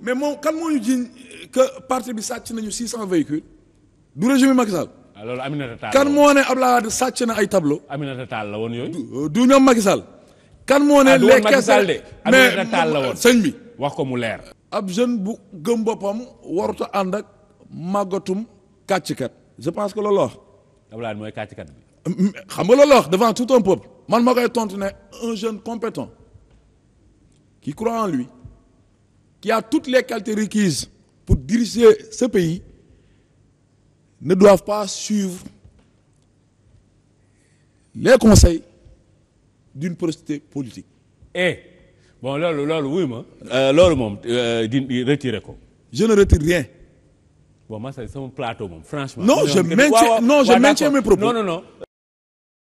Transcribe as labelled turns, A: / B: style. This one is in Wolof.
A: mais moom kan moo ñu jiiñ que parti bi sàcc nañu 600 véhicules du régime Macky Sall.
B: loolu Aminata Tall kan moo ne
A: Abdoulaye Wade sàcc na ay tableau Aminata Tall la woon yooyu. du euh, ñoom Macky kan moo ne ah, les caisses Aminata Tall la woon sëñ bi. wax ko mu leer. ab jeune bu gëm boppam warut a ànd ak màggatum kàcckat je pense que loolu la wax.
C: Abdoulaye mooy kàcckat bi.
A: xam nga loolu la wax devant tout un man ma koy tontu ne un jeune compétent qui croit qui a toutes les qualités requises pour diriger ce pays ne doivent pas suivre les conseils d'une prostituée politique.
D: eh bon loolu loolu wuy ma euh, loolu moom euh, di retirer ko.
A: je ne retire rien.
D: bon man sama plateau moom franchement. non je maintiens non je maintiens mes propos.